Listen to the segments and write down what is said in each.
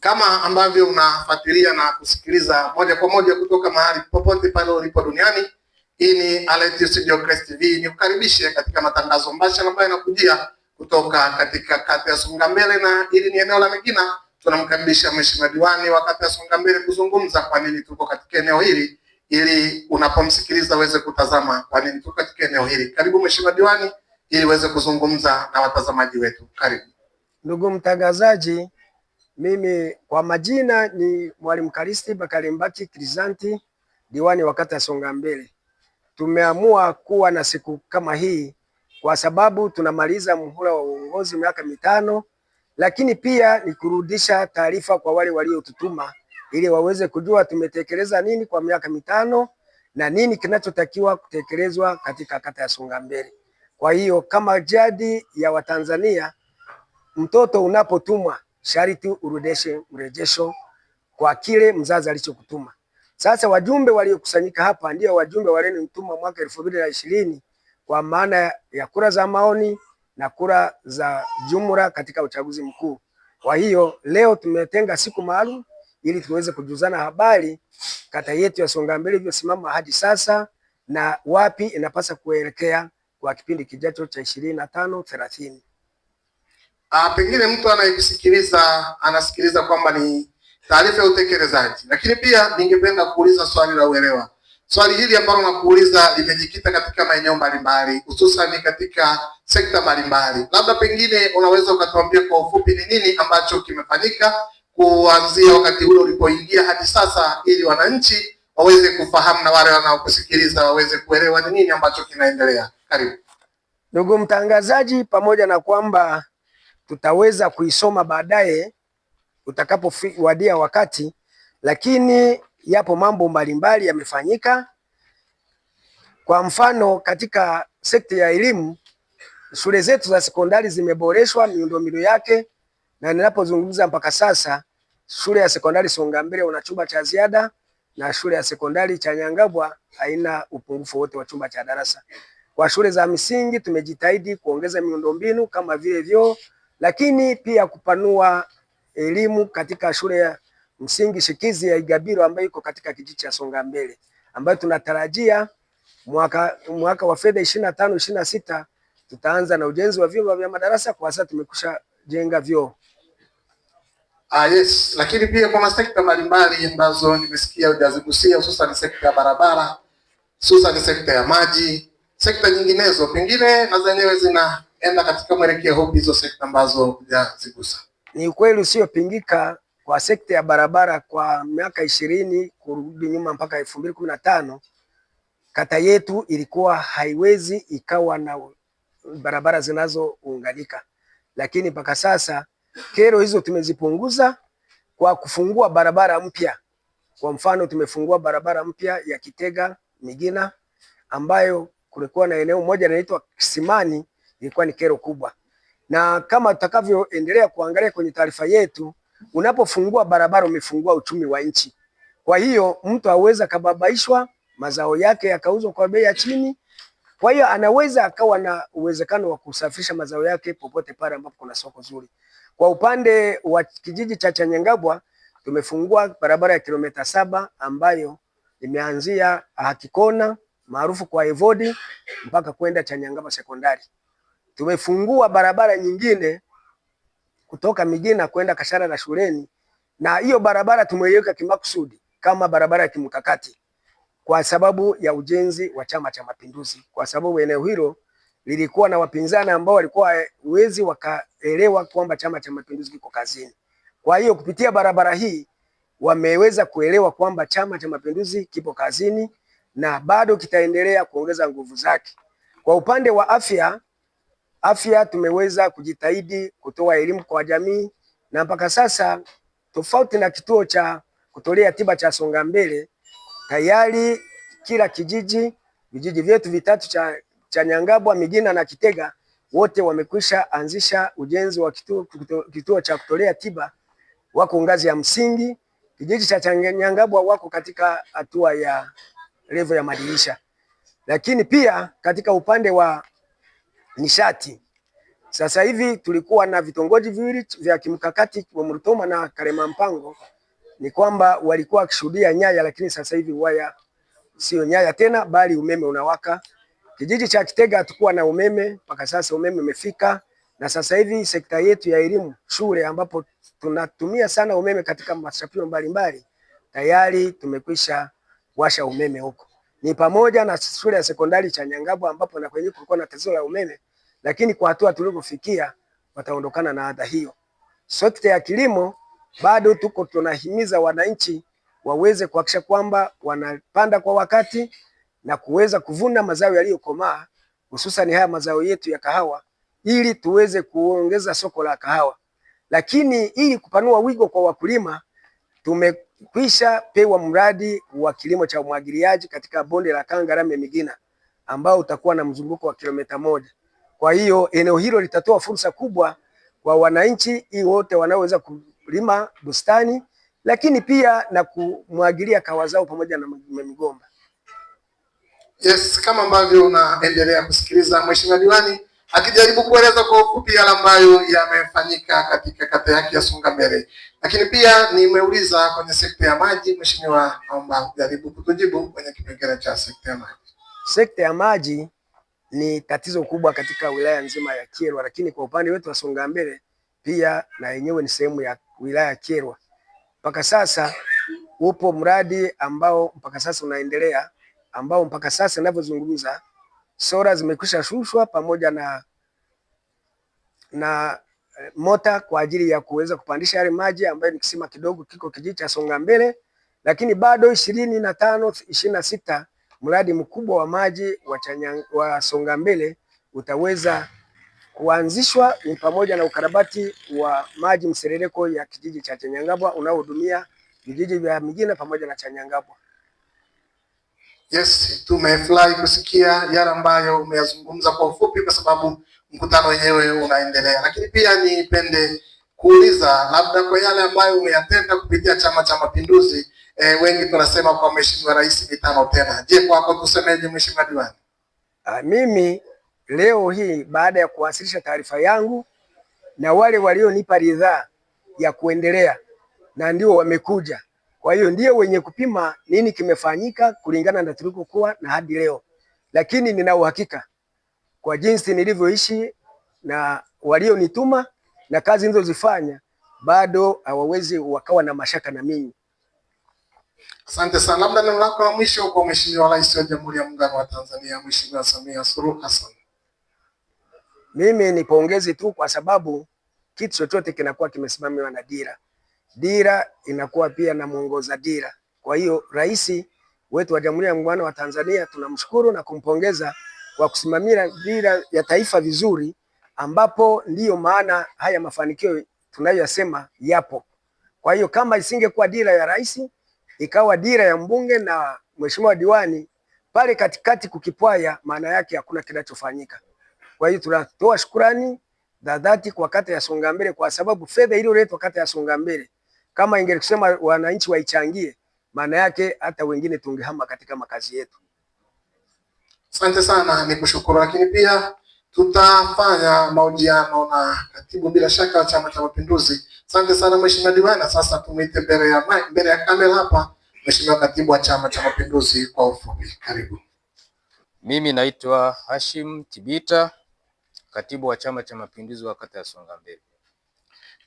Kama ambavyo unafuatilia na kusikiliza moja kwa moja kutoka mahali popote pale ulipo duniani, hii ni Allied Studio Crest TV. Nikukaribishe katika matangazo mbashara ambayo yanakujia kutoka katika kata ya Songa Mbele, na ili ni eneo la Migina. Tunamkaribisha mheshimiwa diwani wa kata ya Songa Mbele kuzungumza kwa nini tuko katika eneo hili, ili unapomsikiliza uweze kutazama kwa nini tuko katika eneo hili. Karibu mheshimiwa diwani, ili uweze kuzungumza na watazamaji wetu. Karibu ndugu mtangazaji. Mimi kwa majina ni Mwalimu Kalisti Bakalimbaki Krizanti, diwani wa kata ya mbele Tumeamua kuwa na siku kama hii kwa sababu tunamaliza muhula wa uongozi miaka mitano, lakini pia ni kurudisha taarifa kwa wale waliotutuma ili waweze kujua tumetekeleza nini kwa miaka mitano na nini kinachotakiwa kutekelezwa katika kata ya songa mbele Kwa hiyo kama jadi ya Watanzania, mtoto unapotumwa sharti urudeshe mrejesho kwa kile mzazi alichokutuma. Sasa wajumbe waliokusanyika hapa ndio wajumbe walionituma mwaka elfu mbili na ishirini kwa maana ya kura za maoni na kura za jumla katika uchaguzi mkuu. Kwa hiyo leo tumetenga siku maalum ili tuweze kujuzana habari kata yetu ya songa Mbele ilivyosimama hadi sasa na wapi inapasa kuelekea kwa kipindi kijacho cha ishirini na tano thelathini. Ah, pengine mtu anayekusikiliza anasikiliza kwamba ni taarifa ya utekelezaji, lakini pia ningependa kuuliza swali la uelewa. Swali hili ambalo nakuuliza limejikita katika maeneo mbalimbali, hususan katika sekta mbalimbali. Labda pengine unaweza ukatuambia kwa ufupi ni nini ambacho kimefanyika kuanzia wakati ule ulipoingia hadi sasa, ili wananchi waweze kufahamu na wale wanaokusikiliza waweze kuelewa ni nini ambacho kinaendelea. Karibu ndugu mtangazaji, pamoja na kwamba tutaweza kuisoma baadaye utakapowadia wakati, lakini yapo mambo mbalimbali yamefanyika. Kwa mfano, katika sekta ya elimu shule zetu za sekondari zimeboreshwa miundombinu yake, na ninapozungumza mpaka sasa shule ya sekondari Mbele una chumba cha ziada na shule ya sekondari nyangabwa haina upungufu wote wa chumba cha darasa. Kwa shule za msingi tumejitahidi kuongeza miundombinu kama vile vyoo lakini pia kupanua elimu katika shule ya msingi shikizi ya igabiro ambayo iko katika kijiji cha Songambele ambayo tunatarajia mwaka, mwaka wa fedha ishirini na tano ishirini na sita tutaanza na ujenzi wa vyumba vya madarasa. Kwa sasa tumekusha jenga vyoo. Ah, yes. Lakini pia kwa sekta mbalimbali ambazo nimesikia hujazigusia hususan sekta ya barabara, hususan sekta ya maji, sekta nyinginezo pengine na zenyewe zina enda katika mwelekeo huu, hizo sekta ambazo hujazigusa? Ni ukweli usiopingika kwa sekta ya barabara kwa miaka ishirini kurudi nyuma mpaka elfu mbili kumi na tano kata yetu ilikuwa haiwezi ikawa na barabara zinazounganika, lakini mpaka sasa kero hizo tumezipunguza kwa kufungua barabara mpya. Kwa mfano, tumefungua barabara mpya ya Kitega Migina ambayo kulikuwa na eneo moja linaloitwa Kisimani ilikuwa ni kero kubwa, na kama tutakavyoendelea kuangalia kwenye taarifa yetu, unapofungua barabara umefungua uchumi wa nchi. Kwa hiyo mtu aweza kababaishwa mazao yake yakauzwa kwa bei ya chini. Kwa hiyo anaweza akawa na uwezekano wa kusafirisha mazao yake popote pale ambapo kuna soko zuri. Kwa upande wa kijiji cha Chanyangabwa tumefungua barabara ya kilomita saba ambayo imeanzia Hakikona maarufu kwa Evodi mpaka kwenda Chanyangabwa sekondari. Tumefungua barabara nyingine kutoka mijini na kwenda Kashara na shuleni, na hiyo barabara tumeiweka kimakusudi kama barabara ya kimkakati kwa sababu ya ujenzi wa Chama cha Mapinduzi, kwa sababu eneo hilo lilikuwa na wapinzani ambao walikuwa wezi wakaelewa kwamba Chama cha Mapinduzi kiko kazini. Kwa hiyo kupitia barabara hii wameweza kuelewa kwamba Chama cha Mapinduzi kipo kazini na bado kitaendelea kuongeza nguvu zake. Kwa upande wa afya afya tumeweza kujitahidi kutoa elimu kwa jamii, na mpaka sasa tofauti na kituo cha kutolea tiba cha Songa Mbele, tayari kila kijiji, vijiji vyetu vitatu cha, cha Nyangabwa, Migina na Kitega wote wamekwisha anzisha ujenzi wa kituo, kituo, kituo cha kutolea tiba. Wako ngazi ya msingi. Kijiji cha Nyangabwa wako katika hatua ya levo ya madirisha, lakini pia katika upande wa nishati. Sasa hivi tulikuwa na vitongoji viwili vya kimkakati wa Murutoma na Karema Mpango, ni kwamba walikuwa wakishuhudia nyaya, lakini sasa hivi waya sio nyaya tena, bali umeme unawaka. Kijiji cha Kitega hatukuwa na umeme mpaka sasa, umeme umefika na sasa hivi sekta yetu ya elimu shule, ambapo tunatumia sana umeme katika mashapiro mbalimbali, tayari tumekwisha washa umeme huko, ni pamoja na shule ya sekondari cha Nyangabo, ambapo na kwenye kulikuwa na tatizo la umeme lakini kwa hatua tulivyofikia wataondokana na adha hiyo. Sekta ya kilimo bado tuko tunahimiza wananchi waweze kuhakikisha kwamba wanapanda kwa wakati na kuweza kuvuna mazao yaliyokomaa hususan haya mazao yetu ya kahawa ili tuweze kuongeza soko la kahawa. Lakini ili kupanua wigo kwa wakulima, tumekwisha pewa mradi wa kilimo cha umwagiliaji katika bonde la Kangarame Migina ambao utakuwa na mzunguko wa kilomita moja. Kwa hiyo eneo hilo litatoa fursa kubwa kwa wananchi hii wote wanaoweza kulima bustani, lakini pia na kumwagilia kahawa zao pamoja na migomba. Yes, kama ambavyo unaendelea kusikiliza Mheshimiwa Diwani akijaribu kueleza kwa ufupi yale ambayo yamefanyika katika kata yake ya mbele lakini pia nimeuliza kwenye sekta ya maji. Mheshimiwa, naomba jaribu kutujibu kwenye kipengele cha sekta ya maji. Sekta ya maji ni tatizo kubwa katika wilaya nzima ya Kyerwa, lakini kwa upande wetu wa songa mbele pia na yenyewe ni sehemu ya wilaya ya Kyerwa. Mpaka sasa upo mradi ambao mpaka sasa unaendelea ambao mpaka sasa ninavyozungumza sora zimekwisha shushwa pamoja na, na eh, mota kwa ajili ya kuweza kupandisha yale maji ambayo ni kisima kidogo kiko kijiji cha songa mbele lakini bado ishirini na tano ishirini na sita Mradi mkubwa wa maji wa songa mbele utaweza kuanzishwa ni pamoja na ukarabati wa maji mserereko ya kijiji cha Chanyangabwa unaohudumia vijiji vya Migina pamoja na Chanyangabwa. Yes, tumefurahi kusikia yale ambayo umeyazungumza kwa ufupi, kwa sababu mkutano wenyewe unaendelea, lakini pia nipende kuuliza labda kwa yale ambayo umeyatenda kupitia Chama cha Mapinduzi E, wengi tunasema kwa mheshimiwa rais mitano tena. Je, kwako tusemeje mheshimiwa diwani? Ah, mimi leo hii baada ya kuwasilisha taarifa yangu na wale walionipa ridhaa ya kuendelea na ndio wamekuja, kwa hiyo ndio wenye kupima nini kimefanyika kulingana na tulikokuwa na hadi leo, lakini nina uhakika kwa jinsi nilivyoishi na walionituma na kazi nilizozifanya, bado hawawezi wakawa na mashaka na mimi. Asante sana. Labda neno lako la mwisho kwa Mheshimiwa Rais wa Jamhuri ya Muungano wa Tanzania, Mheshimiwa Samia Suluhu Hassan. Mimi nipongezi tu kwa sababu kitu chochote kinakuwa kimesimamiwa na dira. Dira inakuwa pia na mwongoza dira. Kwa hiyo rais wetu wa Jamhuri ya Muungano wa Tanzania tunamshukuru na kumpongeza kwa kusimamia dira ya taifa vizuri, ambapo ndiyo maana haya mafanikio tunayoyasema yapo. Kwa hiyo kama isingekuwa dira ya rais ikawa dira ya mbunge na mheshimiwa diwani pale katikati kukipwaya, maana yake hakuna kinachofanyika. Kwa hiyo tunatoa shukurani za dhati kwa kata ya mbele kwa sababu fedha iliyoletwa kata ya mbele kama ingekusema wananchi waichangie, maana yake hata wengine tungehama katika makazi yetu. Asante sana, nikushukuru. Lakini pia tutafanya mahojiano na katibu bila shaka wa Chama cha Mapinduzi. Asante sana mheshimiwa diwani. Sasa tumwite mbele ya kamera hapa mheshimiwa katibu wa Chama cha Mapinduzi kwa ufupi, karibu. Mimi naitwa Hashim Tibita, katibu wa Chama cha Mapinduzi wa kata ya Songa Mbele.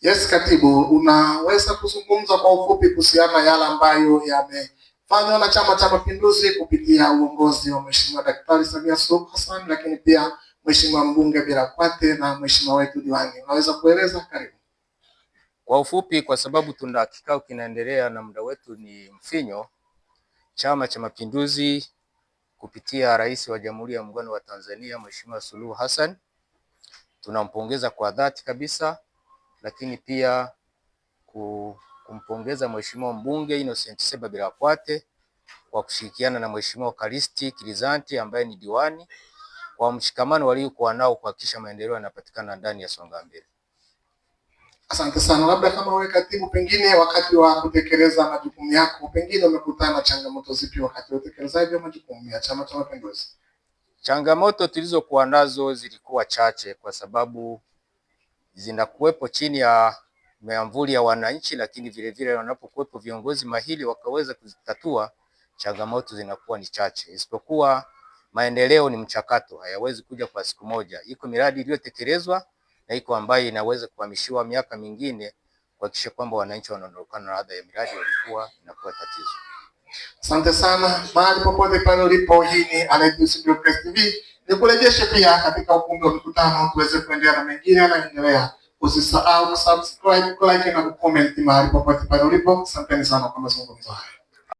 Yes, katibu, unaweza kuzungumza kwa ufupi kuhusiana yale ambayo yamefanywa na Chama cha Mapinduzi kupitia uongozi wa mheshimiwa Daktari Samia Suluhu Hassan, lakini pia Mheshimiwa Mbunge Bilakwate na mheshimiwa wetu diwani, unaweza kueleza? Karibu. Kwa ufupi, kwa sababu tuna kikao kinaendelea na muda wetu ni mfinyo, Chama cha Mapinduzi kupitia Rais wa Jamhuri ya Muungano wa Tanzania Mheshimiwa Suluhu Hassan tunampongeza kwa dhati kabisa, lakini pia kumpongeza Mheshimiwa Mbunge Innocent Seba Bilakwate kwa kushirikiana na Mheshimiwa Kalisti Kilizanti ambaye ni diwani kwa mshikamano waliokuwa nao kuhakikisha maendeleo yanapatikana ndani ya songa mbili. Asante sana. Labda kama wewe katibu, pengine wakati wa kutekeleza majukumu yako, pengine umekutana changamoto zipi wakati wa utekelezaji wa majukumu ya Chama cha Mapinduzi? Changamoto tulizokuwa nazo zilikuwa chache, kwa sababu zinakuwepo chini ya miamvuli ya wananchi, lakini vilevile wanapokuwepo viongozi mahili wakaweza kuzitatua, changamoto zinakuwa ni chache, isipokuwa Maendeleo ni mchakato, hayawezi kuja kwa siku moja. Iko miradi iliyotekelezwa na iko ambayo inaweza kuhamishiwa miaka mingine kuhakikisha kwamba wananchi wanaondokana na adha ya miradi ilikuwa inakuwa tatizo. Asante sana. Mahali popote pale ulipo, hii ni Anaitus Press TV. Nikurejeshe pia katika ukumbi wa mkutano tuweze kuendelea na mengine yanayoendelea. Usisahau kusubscribe, like na kucomment mahali popote pale ulipo. Asante sana kwa mazungumzo haya.